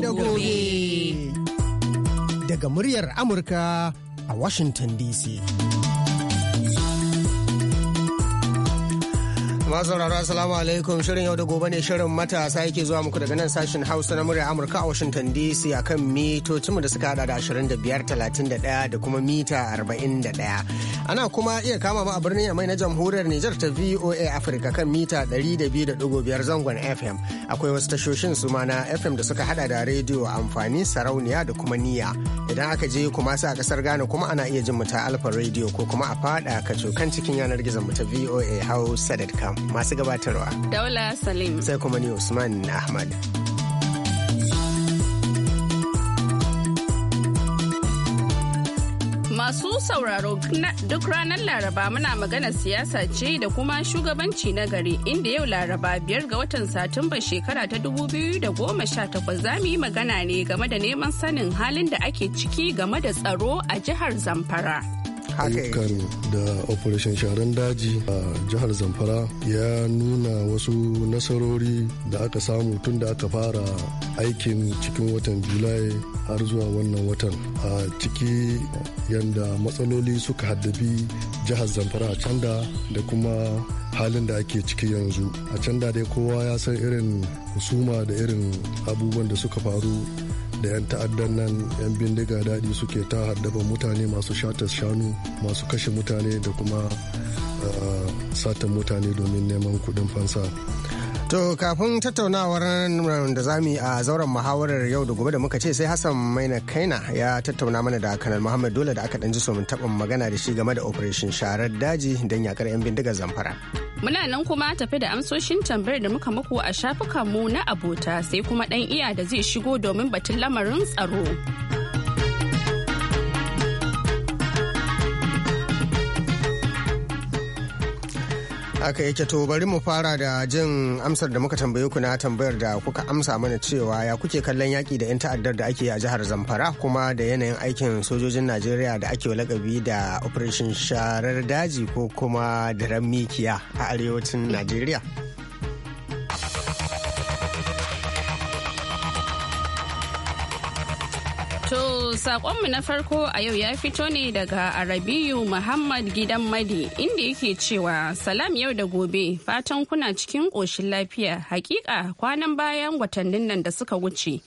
da Daga muryar Amurka a Washington DC. sauraro assalamu alaikum shirin yau da gobe ne shirin matasa yake zuwa muku daga nan sashen hausa na muryar amurka a washington dc akan mitocinmu da suka hada da 25 31 da kuma mita 41 Ana kuma iya kama mu a birnin Yamai na jamhuriyar Nijar ta VOA Africa kan mita 200.5 zangon FM. Akwai wasu tashoshin su ma na FM da suka hada da rediyo amfani sarauniya da kuma niyya. Idan aka je kuma sa kasar Ghana kuma ana iya jin mu ta Alfa Radio ko kuma a fada kan cikin yanar gizon mu ta VOA Hausa.com masu gabatarwa. Daula Salim. Sai kuma ni Usman Ahmad. Masu sauraro duk ranar Laraba muna magana siyasa ce da kuma shugabanci na gari inda yau Laraba biyar ga watan Satumba shekara ta dubu biyu da goma 2018 za mu yi magana ne game da neman sanin halin da ake ciki game da tsaro a jihar Zamfara. ayyukan da operation sharan daji a jihar zamfara ya nuna wasu nasarori da aka samu tun da aka fara aikin cikin watan julai har zuwa wannan watan a ciki yadda matsaloli suka haddabi jihar zamfara a canda da kuma halin da ake ciki yanzu a canda dai kowa ya san irin husuma da irin abubuwan da suka faru da 'yan ta'addan nan 'yan bindiga daɗi suke ta haddaba mutane masu shatar shanu masu kashe mutane da kuma ah, satan mutane domin neman kuɗin fansa. To kafin tattaunawar da za mu yi a zauren muhawarar yau da gobe da muka ce sai Hassan Maina Kaina ya tattauna mana da Kanal Muhammad Dole da aka ɗan ji somin taɓin magana da shi game da Operation Sharar Daji don yakar 'yan bindigar zamfara. Muna nan kuma tafi da amsoshin tambayar da muka muku a shafukanmu na abota sai kuma ɗan iya da zai shigo domin batun lamarin tsaro. haka yake to bari mu fara da jin amsar da muka tambaye ku na tambayar da kuka amsa mana cewa ya kuke kallon yaki da 'yan ta'addar da ake a jihar zamfara kuma da yanayin aikin sojojin najeriya da ake lakabi da operation sharar daji ko kuma daren mikiya a arewacin najeriya saƙonmu na farko a yau ya fito ne daga Arabiyu Muhammad Gidan Madi inda yake cewa salam yau da gobe fatan kuna cikin ƙoshin lafiya hakika kwanan bayan watannin nan da suka wuce.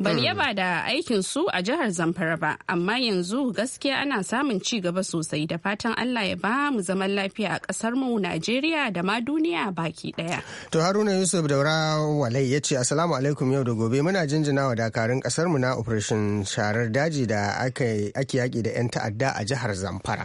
Ban hmm. yaba da aikin su a jihar Zamfara ba, amma yanzu gaskiya ana samun ci gaba sosai da fatan Allah ya ba mu zaman lafiya a kasar mu Najeriya da ma duniya baki ɗaya. To Haruna Yusuf Daura Walai ya ce Assalamu alaikum yau da gobe muna jinjina wa dakarun kasar mu na Operation Sharar Daji da ake yaƙi da 'yan ta'adda a jihar Zamfara.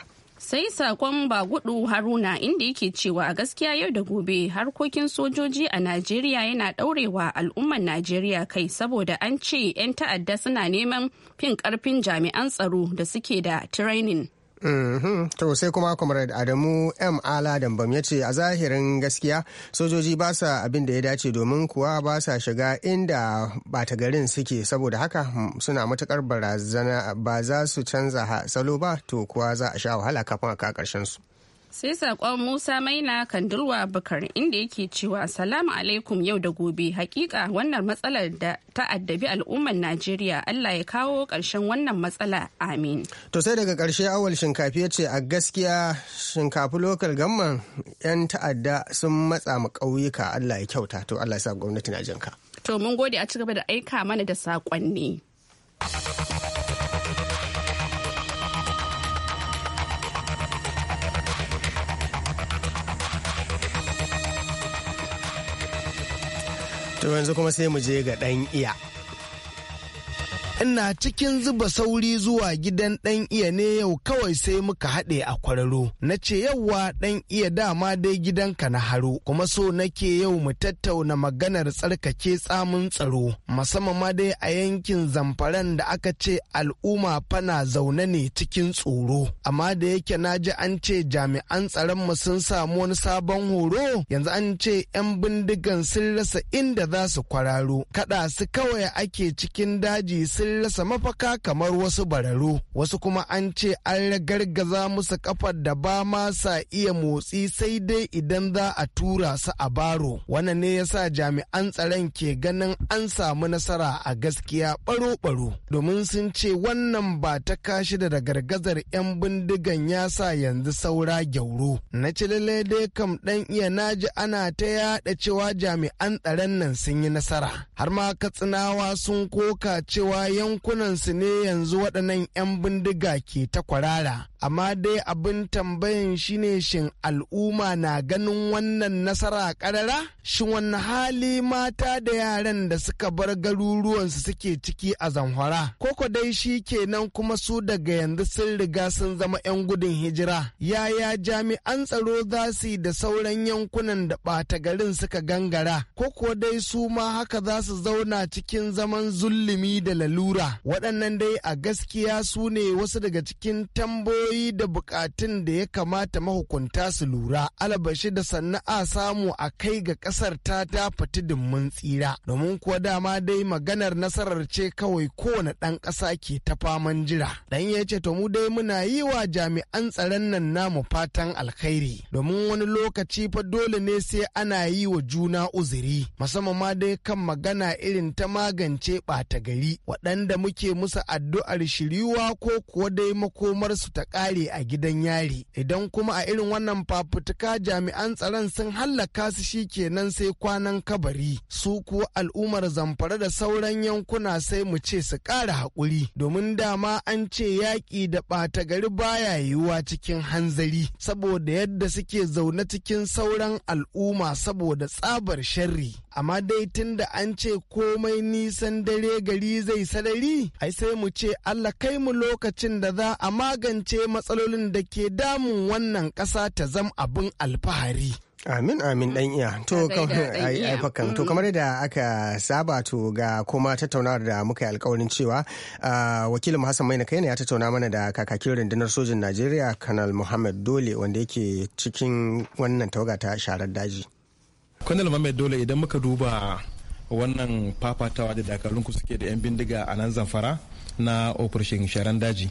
sai sakon gudu haruna inda yake cewa a gaskiya yau da gobe harkokin sojoji a najeriya yana daurewa al'ummar najeriya kai saboda an ce 'yan ta'adda suna neman fin karfin jami'an tsaro da suke da training Mm-hmm. To sai kuma Comrade Adamu M. Ala Dambam ya ce a zahirin gaskiya sojoji ba sa abin da ya dace domin kuwa ba sa shiga inda bata garin suke saboda haka hmm, suna matukar barazana ba za su canza salo ba to kuwa za a sha wahala kafin a ka karshen su. sai saƙon musa maina kandulwa bakar inda yake cewa salamu alaikum yau da gobe hakika wannan matsalar da ta addabi al'ummar najeriya allah ya kawo ƙarshen wannan matsala amin to sai daga karshe awal shinkafi ya ce a gaskiya shinkafi lokal gamman yan ta'adda sun matsa mu ƙauyuka allah ya kyauta to allah ya sa gwamnati na jinka to mun gode a ci gaba da aika mana da saƙonni. to yanzu kuma sai mu je ga ɗan iya ina cikin zuba sauri zuwa gidan ɗan iya ne yau kawai sai muka haɗe a kwararo na ce yauwa ɗan iya dama dai gidanka na haro kuma so nake yau mu tattauna maganar tsarkake tsamin tsaro musamman ma dai a yankin zamfaran da aka ce al'umma fana zaune ne cikin tsoro amma da yake na ji an ce jami'an tsaron mu sun samu wani sabon horo yanzu an ce 'yan bindigan sun rasa inda za su kwararo kada su kawai ake cikin daji sun sun rasa mafaka kamar wasu bararu wasu kuma an ce an ragargaza musu kafar da ba ma sa iya motsi sai dai idan za a tura su a baro wannan ne yasa jami'an tsaron ke ganin an samu nasara a gaskiya baro-baro domin sun ce wannan ba ta kashi da gargazar 'yan bindigan ya sa yanzu saura gyauro na ci dai kam dan iya naji ana ta yada cewa jami'an tsaron nan sun yi nasara har ma katsinawa sun koka cewa yankunansu ne yanzu waɗannan 'yan bindiga ke ta kwarara. Amma dai abin tambayan shine shin al'umma na ganin wannan nasara ƙarara? Shin wani hali mata da yaran da suka bar garuruwansu suke ciki a zamfara? Koko dai shi kenan kuma su daga yanzu sun riga sun zama 'yan gudun hijira. Yaya jami'an tsaro za su da sauran yankunan da ɓata garin suka gangara? Ko dai su ma haka za su zauna cikin zaman zullumi da lalu lura waɗannan dai a gaskiya su ne wasu daga cikin tambayoyi da bukatun da ya kamata mahukunta su lura alabashi da sana'a samu a kai ga ƙasar ta ta fati mun tsira domin kuwa dama dai maganar nasarar ce kawai kowane ɗan ƙasa ke ta faman jira dan ya ce to mu dai muna yi wa jami'an tsaron nan namu fatan alkhairi domin wani lokaci fa dole ne sai ana yi wa juna uzuri musamman ma dai kan magana irin ta magance ɓata gari da muke musu addu'ar shiriwa ko kuwa dai makomarsu ta ƙare a gidan yari idan kuma a irin wannan fafutuka jami'an tsaron sun hallaka su shi kenan sai kwanan kabari su kuwa al'ummar zamfara da sauran yankuna sai mu ce su ƙara haƙuri domin dama an ce yaƙi da ɓata gari baya yiwuwa cikin hanzari saboda yadda suke zaune cikin sauran al'umma saboda tsabar sharri amma dai tun da an ce komai nisan dare gari zai hadari ai sai mu ce Allah kai mu lokacin da za a magance matsalolin da ke damun wannan ƙasa ta zam abin alfahari. Amin amin dan iya to to mm. kamar da aka saba to ga kuma tattaunawar da muka yi alkawarin cewa wakilin Hassan Maina kai ne ya tattauna mana da kakakin rundunar sojin Najeriya Kanal Muhammad Dole wanda yake cikin wannan tawaga ta sharar daji. Kanal Muhammad Dole idan muka duba wannan fafatawa da dakarunku suke da 'yan bindiga a nan zamfara na operation sharan daji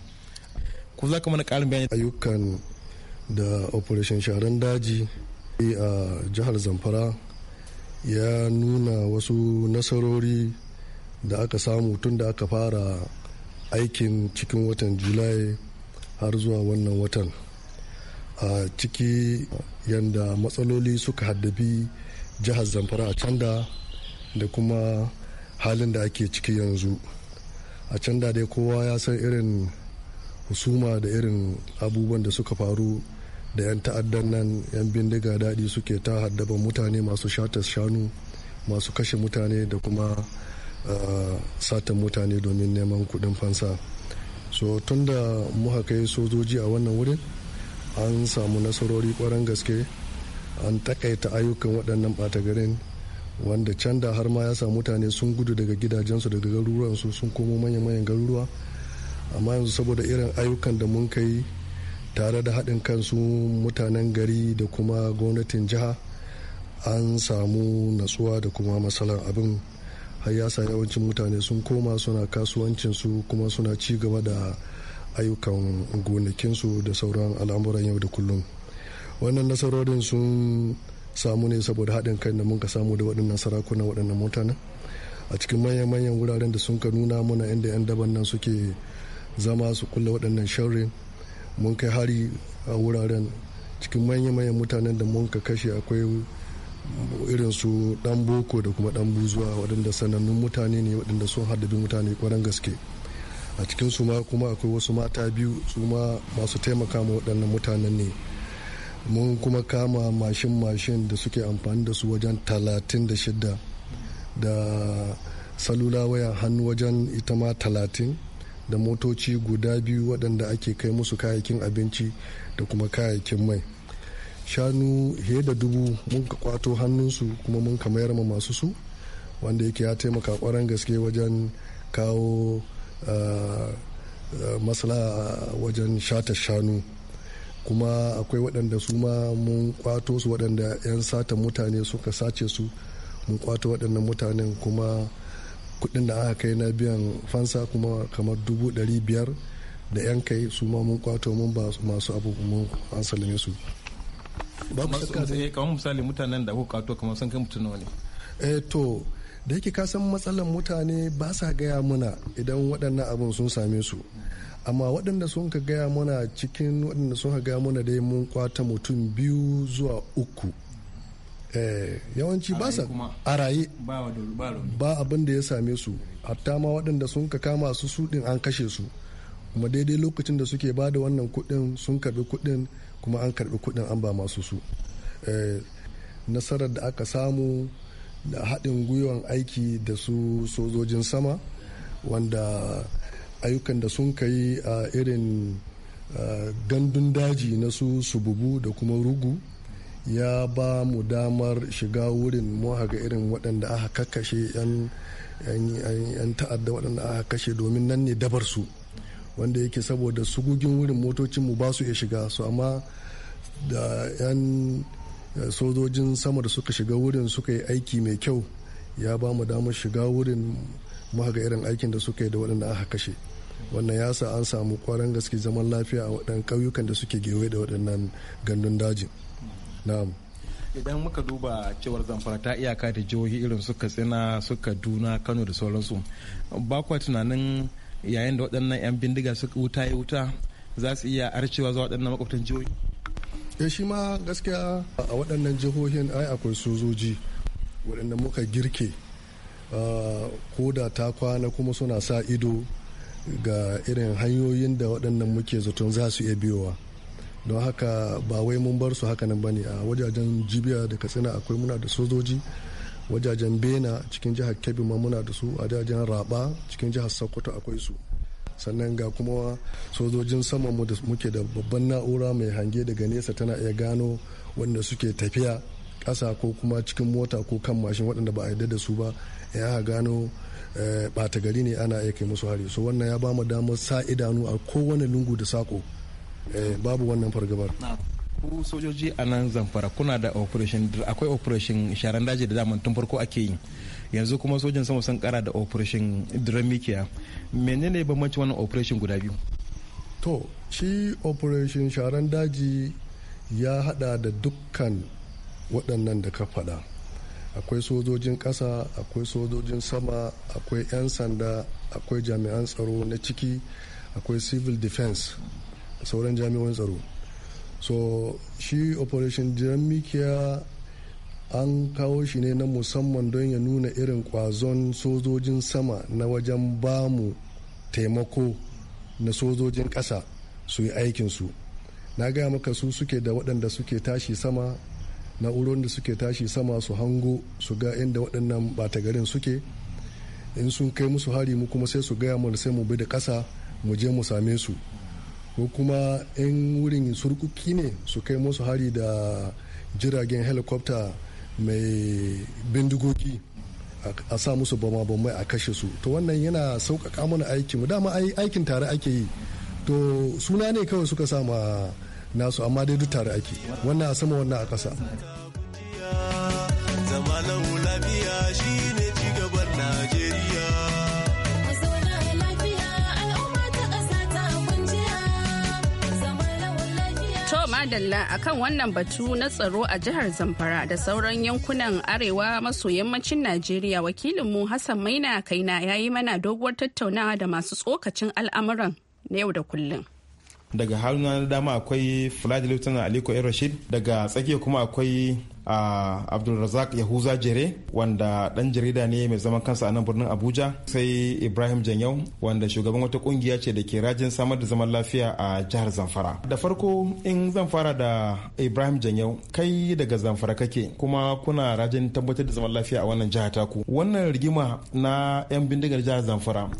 ku za ka mana karin bayani ayyukan da operation sharan daji a jihar zamfara ya nuna wasu nasarori da aka samu tun da aka fara aikin cikin watan julai har zuwa wannan watan a ciki yadda matsaloli suka haddabi jihar zamfara a can da da kuma halin da ake ciki yanzu a can da dai kowa ya san irin husuma da irin abubuwan da suka faru da 'yan ta'addan nan 'yan bindiga daɗi suke ta haddaba mutane masu shata shanu masu kashe mutane da kuma ah, satan mutane domin neman kuɗin fansa so tun da muka kai sojoji a wannan wurin an samu nasarori kwaran gaske an takaita ayyukan waɗannan ɓata garin wanda can da har ma ya sa mutane sun gudu daga gidajensu daga garuruwansu sun komo manya-manyan garuruwa amma yanzu saboda irin ayyukan da mun kai tare da haɗin kansu mutanen gari da kuma gwamnatin jiha an samu natsuwa da kuma matsalar abin har ya sa yawancin mutane sun koma suna kasuwancinsu kuma suna ci gaba da ayyukan gonakinsu da sauran al'amuran yau da kullum wannan nasarorin sun samu ne saboda haɗin kai da mun ka samu da waɗannan sarakuna waɗannan mutanen a cikin manyan-manyan wuraren da sun ka nuna muna inda 'yan daban nan suke zama su kulle waɗannan sharri mun kai hari a wuraren cikin manyan-manyan mutanen da mun ka kashe akwai irin su dan boko da kuma dan buzuwa waɗanda sanannun mutane ne waɗanda sun haddabi mutane kwaran gaske a cikin su ma kuma akwai wasu mata biyu su ma masu taimaka ma waɗannan mutanen ne mun kuma kama mashin-mashin da suke amfani da su wajen 36 da salula wayan hannu wajen ita ma 30 da motoci guda biyu waɗanda ake kai musu kayayyakin abinci da kuma kayayyakin mai shanu he da dubu mun ka kwato hannunsu kuma mun ka mayar ma masu su wanda yake ya taimaka kwaran gaske wajen kawo ah, ah, masala wajen shata shanu kuma akwai waɗanda su ma mun kwato su waɗanda 'yan satan mutane suka sace su mun kwato waɗannan mutanen kuma kuɗin da aka kai na biyan fansa kuma kamar dubu ɗari biyar da 'yan kai su ma mun kwato mun ba masu abu mun an salame su eh, misali mutanen da kuka kwato kamar sun kai mutum ne eh to da yake kasan matsalan mutane ba sa gaya muna idan waɗannan abin sun same su amma waɗanda sun ka gaya mana cikin waɗanda sun ka gaya mana dai mun kwata mutum biyu zuwa uku eh, yawanci ba sa a raye ba abin da ya same su hatta ma waɗanda sun ka kama su suɗin an kashe su kuma daidai lokacin da suke ba da wannan kuɗin sun karbi kuɗin kuma an karɓi kuɗin an ba masu su eh, nasarar da aka samu da haɗin gwiwan aiki da su sojojin sama wanda ayyukan da sun kai a irin gandun daji na su sububu da kuma rugu ya ba mu damar shiga wurin mu ga irin waɗanda aka kakkashe 'yan ta'adda waɗanda aka kashe domin nan ne dabar su wanda yake saboda sugugin wurin motocinmu mu ba su iya shiga su amma da 'yan e, sojojin sama da suka shiga wurin suka yi aiki mai kyau ya ba mu damar shiga wurin mu ga irin aikin da suka yi da waɗanda aka kashe. wannan ya sa an samu kwarin gaske zaman lafiya a waɗannan ƙauyukan da suke gewaye da waɗannan gandun daji. na'am idan muka duba cewar zamfara ta iyaka da jihohi irin su katsina su kaduna kano da sauransu ba kuwa tunanin yayin da waɗannan 'yan bindiga suka wuta ya wuta za su iya arcewa zuwa waɗannan makwabtan jihohi ya eh, shi ma gaskiya a waɗannan jihohin ai akwai sojoji waɗanda muka girke ah, ko da ta kwana kuma suna sa ido ga irin hanyoyin da waɗannan muke zaton za su iya biyowa don haka ba wai mun bar su haka nan ba ne a wajajen jibiya da katsina akwai muna da sojoji wajajen bena cikin jihar kebbi ma muna da su a wajajen raba cikin jihar sokoto akwai su sannan ga kuma sojojin sama mu da muke da babban na'ura mai hange daga nesa tana iya gano wanda suke tafiya ƙasa ko kuma cikin mota ko kan mashin waɗanda ba a yarda da su ba ya gano bata eh, gari ne ana aiki musu hari so wannan ya bamu damar sa idanu a kowane lungu da sako eh, babu wannan fargabar ku sojoji a nan zamfara kuna da operation akwai operation sharan daji da zaman tun farko ake yi yanzu kuma sojin sama sun kara da operation dramikiya menene bambanci wannan operation guda biyu to shi operation sharan daji ya hada da dukkan waɗannan da ka faɗa akwai sojojin ƙasa akwai sojojin sama akwai 'yan sanda akwai jami'an tsaro na ciki akwai civil defense sauran jami'an tsaro so shi operation jiramikiya an kawo shi ne na musamman don ya nuna irin kwazon sojojin sama na wajen bamu taimako na sojojin ƙasa su yi aikinsu na gaya maka su suke da waɗanda suke tashi sama na'urorin da suke tashi sama su hango su ga inda waɗannan bata garin suke in sun kai musu hari mu kuma sai su gaya mu sai mu bi da ƙasa mu je mu same su ko kuma in wurin surkuki ne su kai musu hari da jiragen helicopter mai bindigogi a sa musu bama bamai a kashe su to wannan yana sauƙaƙa mana aikin mu dama aikin tare ake yi to suna ne kawai suka sama nasu amma dai duk tare ake wannan a sama wannan a ƙasa zama lafiya akan wannan batu na tsaro a jihar zamfara da sauran yankunan arewa maso yammacin najeriya wakilinmu hassan maina kaina ya yi mana doguwar tattaunawa da masu tsokacin al'amuran na yau da kullum daga haruna na dama akwai fulani lieutenant aliko yan rashid daga tsakiya kuma akwai uh, abdulrazak yahuza jere wanda dan jarida ne mai zaman kansa a nan birnin abuja sai ibrahim janyau wanda shugaban wata kungiya ce da ke rajin samar da zaman lafiya a jihar zamfara da farko in zan fara da ibrahim janyau kai daga zamfara kake kuma kuna rajin tabbatar da zaman lafiya a wannan jihar taku wannan rigima na yan bindigar jihar zamfara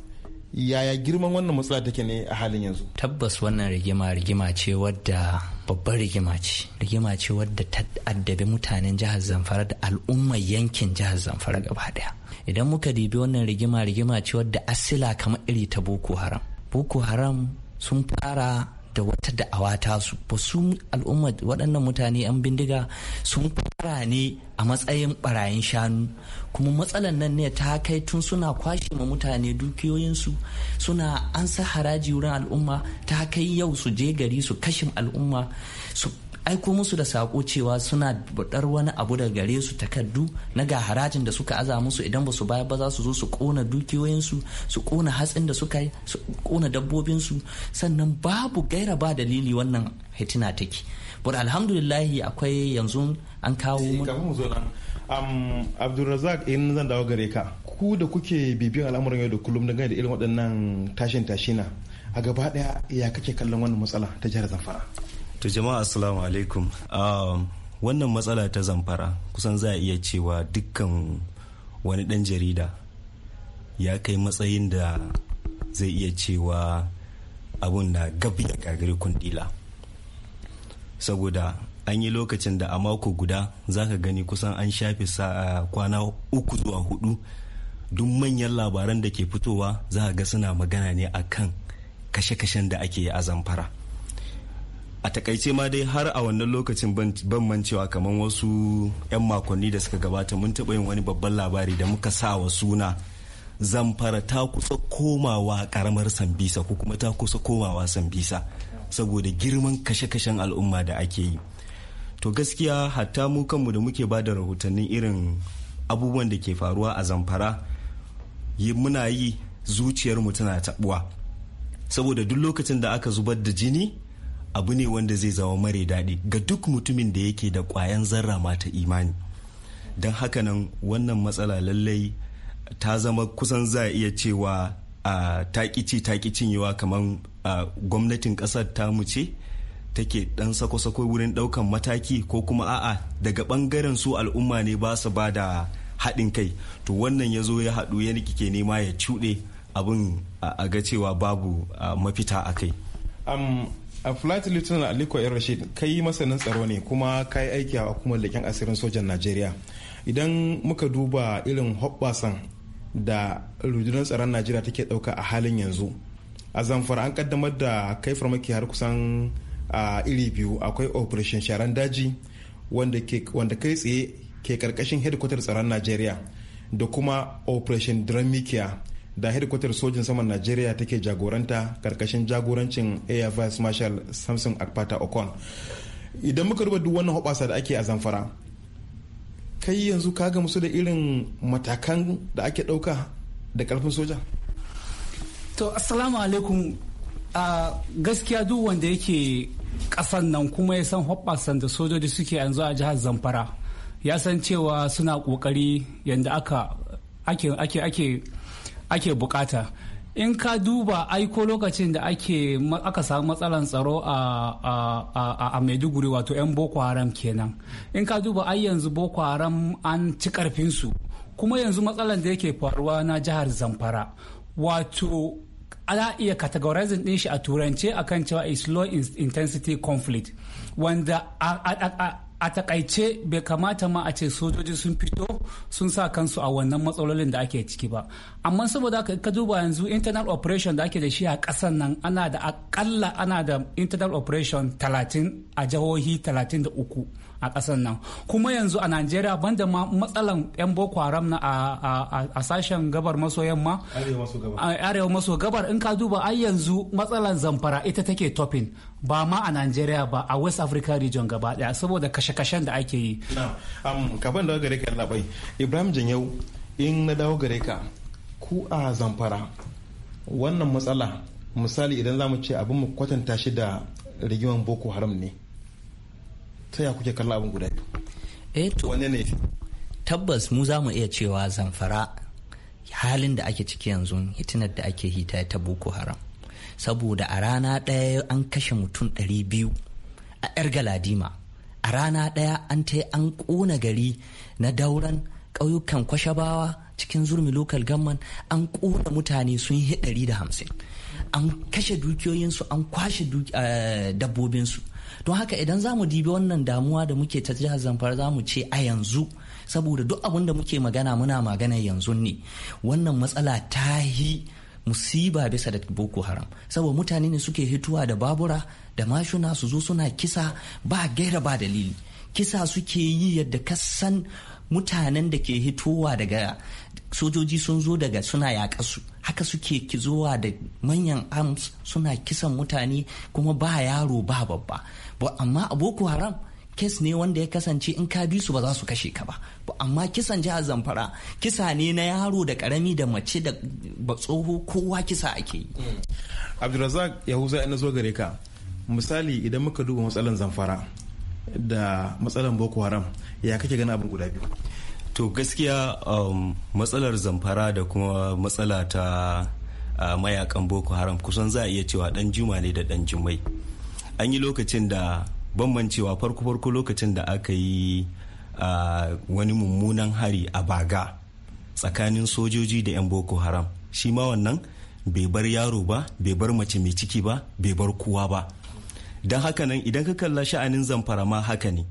yaya girman wannan matsala take ne a halin yanzu tabbas wannan rigima rigima ce wadda babbar rigima ce rigima ce wadda ta addabi mutanen jihar zamfara da al'ummar yankin jihar zamfara gaba daya idan muka dibi wannan rigima rigima ce wadda asila kamar iri ta boko haram boko haram sun fara da wata da'awa su. ba su al'umma waɗannan mutane 'yan bindiga sun fara ne a matsayin barayin shanu kuma matsalan nan ne ta kai tun suna kwashe ma mutane dukiyoyinsu suna an sa haraji wurin al'umma ta kai yau su je gari su kashin al'umma su aiko musu da sako cewa suna budar wani abu da gare su takardu na ga harajin da suka aza musu idan ba su baya ba za su zo su kona dukiyoyinsu su kona hatsin da suka yi su kona dabbobinsu sannan babu gaira ba dalili wannan hitina take but alhamdulillahi akwai yanzu an kawo eh, um, abdulrazak in zan dawo gare ka ku da kuke bibiyar al'amuran yau da kullum dangane da irin waɗannan tashin tashina a gaba ɗaya ya kake kallon wannan matsala ta jihar zamfara to jama'a assalamu alaikum wannan matsala ta zamfara kusan za a iya cewa dukkan wani dan jarida ya kai matsayin da zai iya cewa abun na gabi ya gagari kundila saboda an yi lokacin da a mako guda za ka gani kusan an shafe kwana uku zuwa hudu duk manyan labaran da ke fitowa za ga suna magana ne a kan kashe-kashen da ake yi a zamfara a takaice ma dai har a wannan lokacin ban mancewa kamar wasu 'yan makonni da suka gabata mun taɓa yin wani babban labari da muka sa wa suna zamfara ta kusa komawa karamar sambisa ko kuma ta kusa komawa sambisa saboda girman kashe-kashen al'umma da ake yi to gaskiya hatta mu kanmu da muke ba da rahotannin irin abubuwan da ke faruwa a zamfara muna yi zuciyar mu tana tabuwa saboda duk lokacin da aka zubar da jini abu ne wanda zai zama mare daɗi ga duk mutumin da yake da ƙwayan zarra mata imani don haka nan wannan matsala lallai ta zama kusan za a iya cewa a takici yiwa kamar gwamnatin ƙasar ta mu ce take dan sako-sako wurin daukan mataki ko kuma a'a daga bangaren su al'umma ne ba su ba da haɗin kai to wannan ya zo ya haɗu ya ke nema ya cuɗe abun a ga cewa babu mafita a kai a flight lieutenant aliko yar rashid kai masanin tsaro ne kuma kai aiki a hukumar leƙen asirin sojan najeriya idan muka duba irin hoɓɓasan da rundunar tsaron najeriya take ɗauka a halin yanzu a zamfara an ƙaddamar da kai farmaki har kusan a iri biyu akwai operation sharan daji wanda kai tsaye ke karkashin headquarter tsaron nigeria da kuma operation dramikia da headquarter sojin saman najeriya take jagoranta karkashin jagorancin air vice marshal samson akpata okon idan muka duba duk wannan hoɓasa da ake a zamfara kai yanzu ka ga musu da irin matakan da ake ɗauka da ƙarfin soja to assalamu alaikum a gaskiya duk wanda yake kasan nan kuma ya san hoppasan da sojoji suke yanzu a jihar zamfara ya san cewa suna kokari yadda aka ake ake bukata in ka duba aiko lokacin da ake aka samu matsalan tsaro a, maiduguri wato 'yan boko haram kenan in ka duba ai yanzu boko haram an ci karfinsu kuma yanzu matsalan da yake faruwa na jihar zamfara wato ana iya categorizing din shi a turance akan cewa is low intensity conflict wanda a takaice bai kamata ma a ce sojoji sun fito sun sa kansu a wannan matsalolin da ake ciki ba amma saboda ka duba yanzu internal operation da ake da shi a kasan nan ana da akalla ana da internal operation 30 a jihohi 33 a ƙasar nan kuma yanzu a najeriya banda ma matsalan 'yan boko haram na a sashen gabar maso yamma arewa maso gabar in ka duba ai yanzu matsalan zamfara ita take topping ba ma a Najeriya ba a West Africa region gaba daya saboda kashe-kashen da ake yi. Ibrahim Janyau in na dawo gare ka ku a zamfara wannan matsala misali idan za mu ce abin mu kwatanta shi da rigiman Boko Haram ne. ta ya kuke kalla abin guda biyu eh wane ne tabbas mu za mu iya cewa zamfara halin da ake ciki yanzu hitinar da ake hita ta boko haram saboda a rana ɗaya an kashe mutum ɗari biyu a 'yar galadima a rana ɗaya an ta an ƙona gari na dauran ƙauyukan kwashabawa cikin zurmi lokal gamman an ƙona mutane sun yi ɗari da hamsin an kashe dukiyoyinsu an kwashe eh, dabbobinsu don haka idan za mu dibi wannan damuwa da muke ta jihar zamfara za mu ce a yanzu saboda duk abin da muke magana muna magana yanzu ne wannan matsala ta yi musiba bisa da boko haram saboda mutane ne suke hituwa da babura da mashuna su zo suna kisa ba gaira ba dalili kisa suke yi yadda kasan mutanen da ke hitowa daga sojoji sun zo daga suna yaƙa su haka suke kizowa da manyan arms suna kisan mutane kuma ba yaro ba babba amma a haram kes ne wanda ya kasance in ka bi su ba za su kashe ka ba amma kisan jihar zamfara kisa ne na yaro da karami da mace da tsoho kowa kisa ake yi mm. abdulrazak yahuza ina zo gare ka misali idan muka duba matsalan zamfara da matsalar boko haram ya kake gani abin guda biyu to gaskiya um, matsalar zamfara da kuma matsala ta mayakan boko haram kusan za a iya cewa dan juma ne da dan jumai an yi lokacin da bambancewa farko-farko lokacin da aka yi wani mummunan hari a baga tsakanin sojoji da 'yan boko haram shi ma wannan bai bar yaro ba bai bar mace mai ciki ba bai bar kowa ba don haka nan idan ka kalla sha'anin zamfara ma haka ne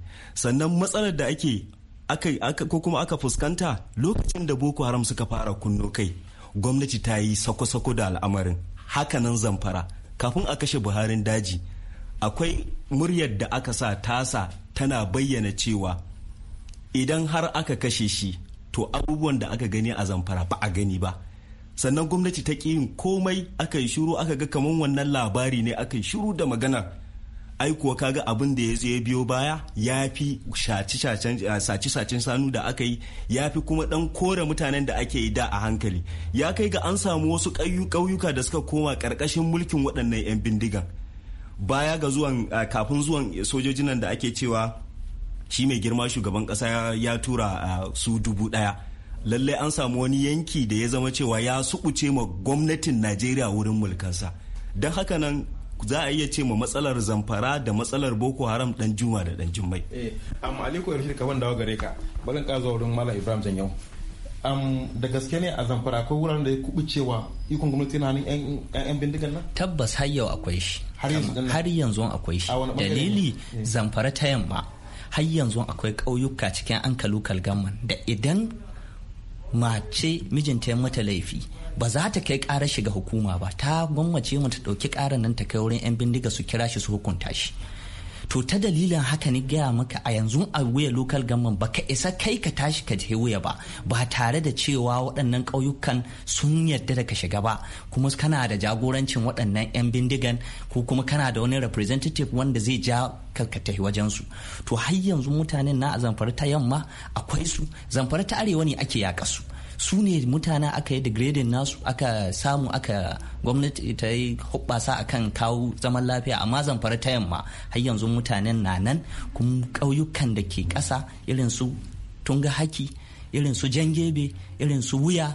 sannan matsalar da ake ko kuma aka fuskanta lokacin da boko haram suka fara kunno kai gwamnati ta yi sako-sako da al'amarin haka hakanan zamfara kafin a kashe buharin daji akwai muryar da aka sa tasa tana bayyana cewa idan har aka kashe shi to abubuwan da aka gani a zamfara ba a gani ba sannan gwamnati ta ƙi yin komai aka yi shuru aka ga kamar wannan labari ne aka yi shuru da maganar ai kuwa kaga abin da ya zo ya biyo baya ya fi eh, sace-sacen sanu da aka yi ya fi kuma dan kore mutanen da ake yi da a hankali ya kai ga an samu wasu ƙauyuka da suka koma ƙarƙashin mulkin waɗannan 'yan bindigan baya ga zuwan eh, kafin zuwan sojojin nan da ake cewa shi mai girma shugaban ƙasa ya tura eh, su dubu ɗaya lallai an samu wani yanki da ya zama cewa ya suɓuce ma gwamnatin najeriya wurin mulkansa don haka nan za a iya ce ma matsalar zamfara da matsalar boko haram dan juma da dan jummai eh, amma aliko yarshi ka wanda gare ka balin ka wurin mala ibrahim zan yau da gaske ne a zamfara akwai wuraren da ya cewa ikon gwamnati na hannun yan bindigan nan tabbas har yau akwai shi har yanzu akwai shi dalili eh. zamfara ta yamma har yanzu akwai ƙauyuka cikin an kalukal gamman da idan mace mijinta ya mata laifi ba za ta kai ƙara shiga hukuma ba ta gwammace mu ta ɗauki ƙarar nan ta kai wurin 'yan bindiga su kira shi su hukunta shi to ta dalilin haka ni gaya maka a yanzu a wuya local government baka isa kai ka tashi ka je wuya ba ba tare da cewa waɗannan ƙauyukan sun yarda da ka shiga ba kuma kana da jagorancin waɗannan 'yan bindigan ko kuma kana da wani representative wanda zai ja ka tafi wajen su to har yanzu mutanen na a zamfara ta yamma akwai su zamfara ta arewa ne ake yaƙa su su ne mutane aka yi degrading nasu aka samu aka gwamnati ta yi hubbasa akan kawo zaman lafiya amma zamfara ta yamma har yanzu mutanen na nan kuma ƙauyukan da ke ƙasa irin su tunga haki irin su jangebe irin su wuya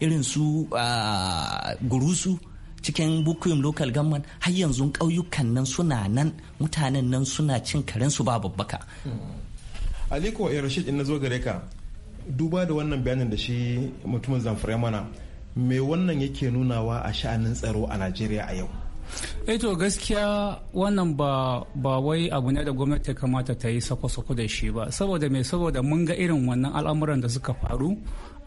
irin su ah, gurusu cikin bukuyin local government har yanzu ƙauyukan nan suna nan mutanen nan suna cin karensu ba babbaka aliko rashid in na zo gare ka duba da wannan bayanin da shi mutumin zamfara mana me wannan yake nunawa a sha'anin tsaro a najeriya a yau eto eh gaskiya wannan ba ba wai abu ne da gwamnati kamata ta yi sako-sako da shi ba saboda mai saboda mun ga irin wannan al'amuran da suka faru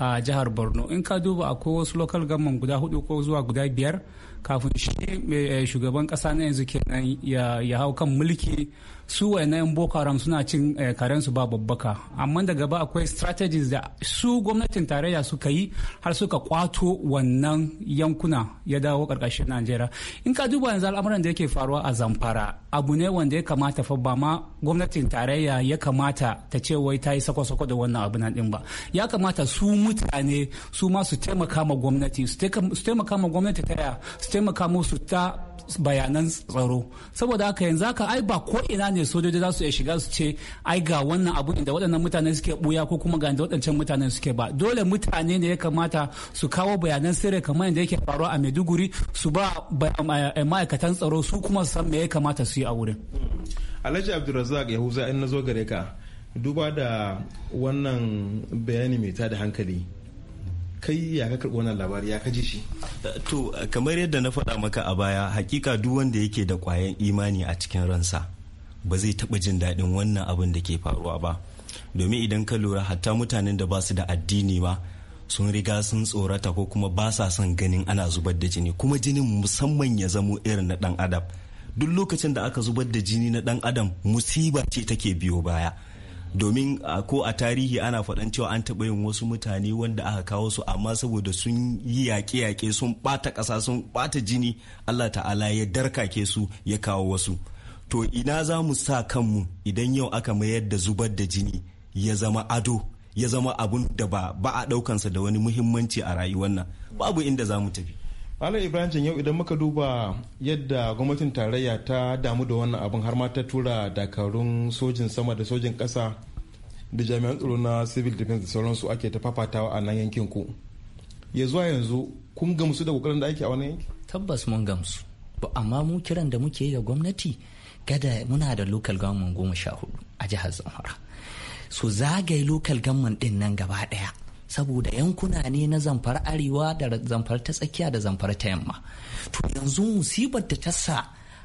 a jihar borno in ka duba akwai wasu local government guda hudu ko zuwa guda biyar kafin shi eh, shugaban kasa na yanzu kenan ya hau kan mulki su wayannan boko haram suna cin eh, karensu ba babbaka amma da gaba akwai strategies da su gwamnatin tarayya suka yi har suka kwato wannan yankuna ya dawo karkashin najeriya in ka duba yanzu al'amuran da yake faruwa a zamfara abu ne wanda ya kamata fa ba ma gwamnatin tarayya ya kamata ta ce wai ta yi sako-sako da wannan abu nan din ba ya kamata su mutane su ma su taimaka ma gwamnati su taimaka ma gwamnati ta su taimaka musu ta bayanan tsaro saboda haka yanzu haka ai ba ko ina ne sojoji za su iya shiga su ce ai ga wannan abu da waɗannan mutane suke buya ko kuma ga da waɗancan mutane suke ba dole mutane ne ya kamata su kawo bayanan sirri kamar yadda yake faruwa a Maiduguri su ba eh, ma'aikatan tsaro su kuma su san me ya kamata su yi a wurin. Alhaji Abdulrazak Yahuza in na zo gare ka duba da wannan bayani mai tada hankali kai ya ka karɓi wannan labari ya kaji shi to kamar yadda na faɗa maka a baya hakika duk wanda yake da kwayan imani a cikin ransa ba zai taɓa jin daɗin wannan abin da ke faruwa ba domin idan ka lura hatta mutanen da ba su da addini ba sun riga sun tsorata ko kuma ba sa son ganin ana zubar da jini kuma jinin musamman ya zamo irin na ɗan adam duk lokacin da aka zubar da jini na ɗan adam musiba ce take biyo baya domin ko a tarihi ana faɗan cewa an taɓa yin wasu mutane wanda aka kawo su amma saboda sun yi yaƙe-yaƙe sun ɓata ƙasa sun ɓata jini allah ta'ala ya darkake su ya kawo wasu to ina za mu sa kanmu idan yau aka mayar da zubar da jini ya zama ado ya zama abun da ba a ɗaukansa da wani muhimmanci a rayuwar nan babu inda za mu tafi Malam Ibrahim yau idan muka duba yadda gwamnatin tarayya ta damu da wannan abin har ma ta tura dakarun sojin sama da sojin kasa da jami'an tsaro na civil defense da sauransu ake ta fafatawa a nan yankin ku. Ya zuwa yanzu kun gamsu da kokarin da ake a wani yanki? Tabbas mun gamsu. Amma mu kiran da muke yi ga gwamnati kada muna da local government goma sha hudu a jihar Zamfara. So zagaye local government din nan gaba daya saboda yankuna ne na zamfara arewa da zamfara ta tsakiya da zamfara ta yamma to yanzu musibar da ta sa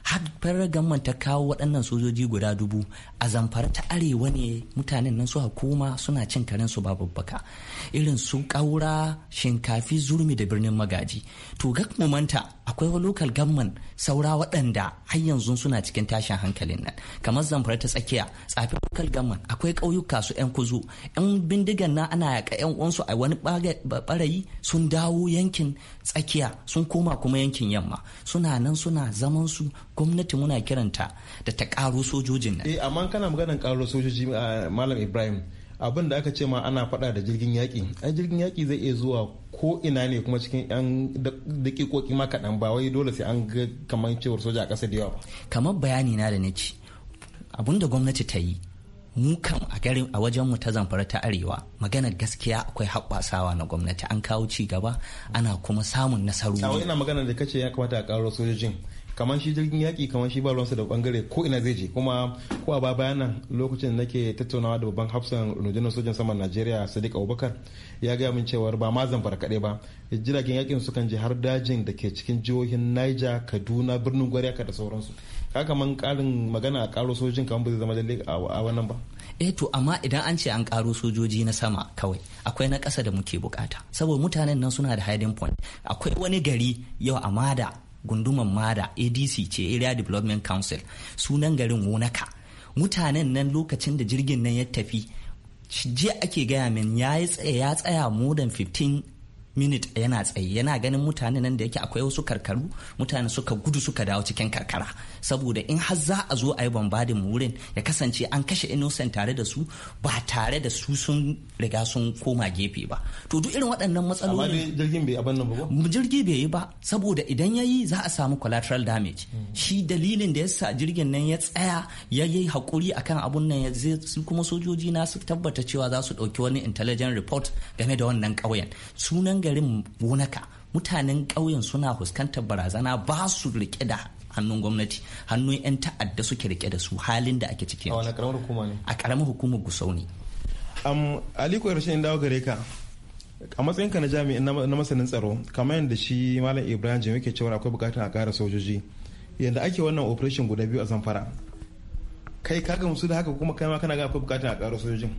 har fargamman ta kawo waɗannan sojoji guda dubu a zamfara ta arewa ne mutanen nan su hukuma suna cin karen su babbaka irin su ƙaura shinkafi zurmi da birnin magaji to gak manta akwai wa local government saura waɗanda har yanzu suna cikin tashin hankalin nan kamar zamfara ta tsakiya tsafi lokal government akwai ƙauyuka su yan kuzu yan bindigan na ana yaƙa yan uwansu a wani ɓarayi sun dawo yankin tsakiya sun koma kuma yankin yamma suna nan suna zaman su gwamnati muna kiranta da ta ƙaro sojojin nan. Eh, amma kana maganar ƙaro sojoji ah, malam ibrahim abin da aka ce ma ana faɗa da jirgin yaƙi a jirgin yaƙi zai iya zuwa ko ina ne kuma cikin yan daƙiƙoƙi ma kaɗan ba wai dole sai an ga kamar cewar soja a ƙasa da yawa kamar bayani na da nace abin da gwamnati ta yi mu kan a garin a wajen mu ta zamfara ta arewa maganar gaskiya akwai haɓɓasawa na gwamnati an kawo ci gaba ana kuma samun nasarori ina magana da kace ya kamata a ƙaro sojojin kamar shi jirgin yaƙi kamar shi ba ruwansa da bangare ko ina zai je kuma ko a baya nan lokacin da nake tattaunawa da babban hafsan rundunar sojan saman najeriya sadiq abubakar ya gaya min cewar ba ma zamfara kaɗai ba jiragen yaƙin su kan je har dajin da ke cikin jihohin niger kaduna birnin gwaryaka da sauransu haka man karin magana a karo sojin kamar ba zai zama lalle a wannan ba eh to amma idan an ce an karo sojoji na sama kawai akwai na ƙasa da muke bukata saboda mutanen nan suna da hiding point akwai wani gari yau da. gunduman mada adc ce area development council sunan garin wonaka mutanen nan lokacin da jirgin nan ya tafi jiya ake gaya min ya tsaya ya minute yana tsaye yana ganin mutane nan da yake akwai wasu karkaru mutane suka gudu suka dawo cikin karkara saboda in har za a zo a yi bambadin wurin ya kasance an kashe innocent tare da su ba tare da su sun riga sun koma gefe ba to duk irin waɗannan matsalolin jirgin bai abin nan ba jirgi bai yi ba saboda idan ya yi za a samu collateral damage mm. shi dalilin da ya sa jirgin nan ya tsaya ya yi hakuri akan abun nan ya kuma sojoji na su tabbata cewa za su ɗauki wani intelligent report game da wannan ƙauyen sunan garin gonaka mutanen ƙauyen suna fuskantar barazana ba su rike da hannun gwamnati hannun 'yan ta'adda suke rike da su halin da ake ciki a karamar hukumar gusau ne aliko yarshen dawo gare ka a matsayin ka na jami'in na masanin tsaro kamar yadda shi malam ibrahim jami ke cewa akwai bukatar a kara sojoji yadda ake wannan operation guda biyu a zamfara kai ka gamsu da haka kuma kai ma kana ga akwai bukatar a kara sojojin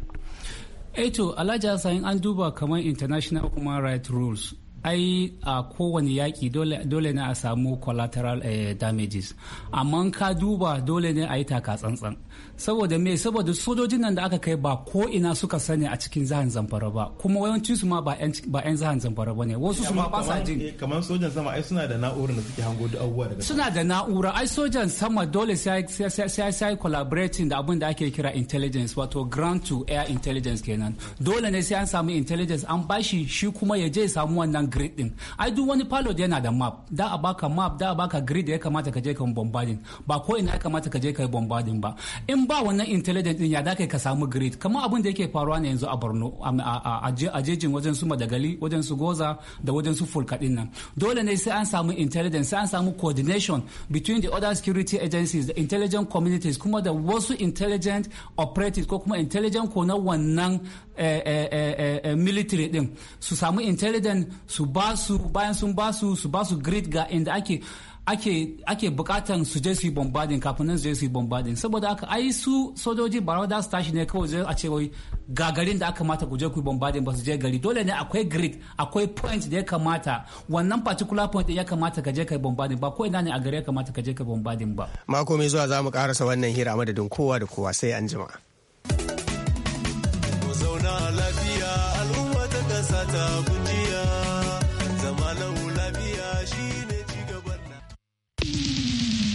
eto eh alhaji hassan an duba kamar international human rights rules ai a kowane yaƙi dole ne a samu collateral eh, damages amma ka duba dole ne a yi taka tsantsan saboda me saboda sojojin nan da aka kai ba ko ina suka sani a cikin zahan zamfara ba kuma yawancin su ma ba 'yan zahan zamfara ba ne wasu su ma ba sa jin kamar eh, sojan sama ai suna da na'urar da suke hango duk abubuwa daga suna da na'ura ai sojan sama dole sai sai collaborating da abin da ake kira intelligence wato ground to air intelligence kenan dole ne sai an samu intelligence an bashi shi kuma ya je samu wannan wannan grid din ai duk wani pilot yana da map da a baka map da a baka grid ya kamata ka je ka bombarding ba ko ina ya kamata ka je ka bombarding ba in ba wannan intelligent din ya da kai ka samu grid kamar abin da yake faruwa ne yanzu a Borno a jejin wajen su Madagali wajen su Goza da wajen su Fulka din nan dole ne sai an samu intelligence sai an samu coordination between the other security agencies the intelligent communities kuma da wasu intelligent operatives ko kuma intelligent ko na wannan eh, eh, eh, military din su samu intelligent su ba su bayan sun ba su su ba su grid ga inda ake ake ake bukatan su je su yi bombardin kafin nan su je su yi bombardin saboda aka ai su sojoji ba da su tashi ne kawai a ce wai ga garin da aka kamata ku je ku yi bombardin ba su je gari dole ne akwai grid akwai point da ya kamata wannan particular point ya kamata ka je ka yi bombardin ba ko ina ne a gari ya kamata ka je ka yi bombardin ba mako mai zuwa za mu karasa wannan hira madadin kowa da kowa sai an jima zauna lafiya al'umma ta kasa ta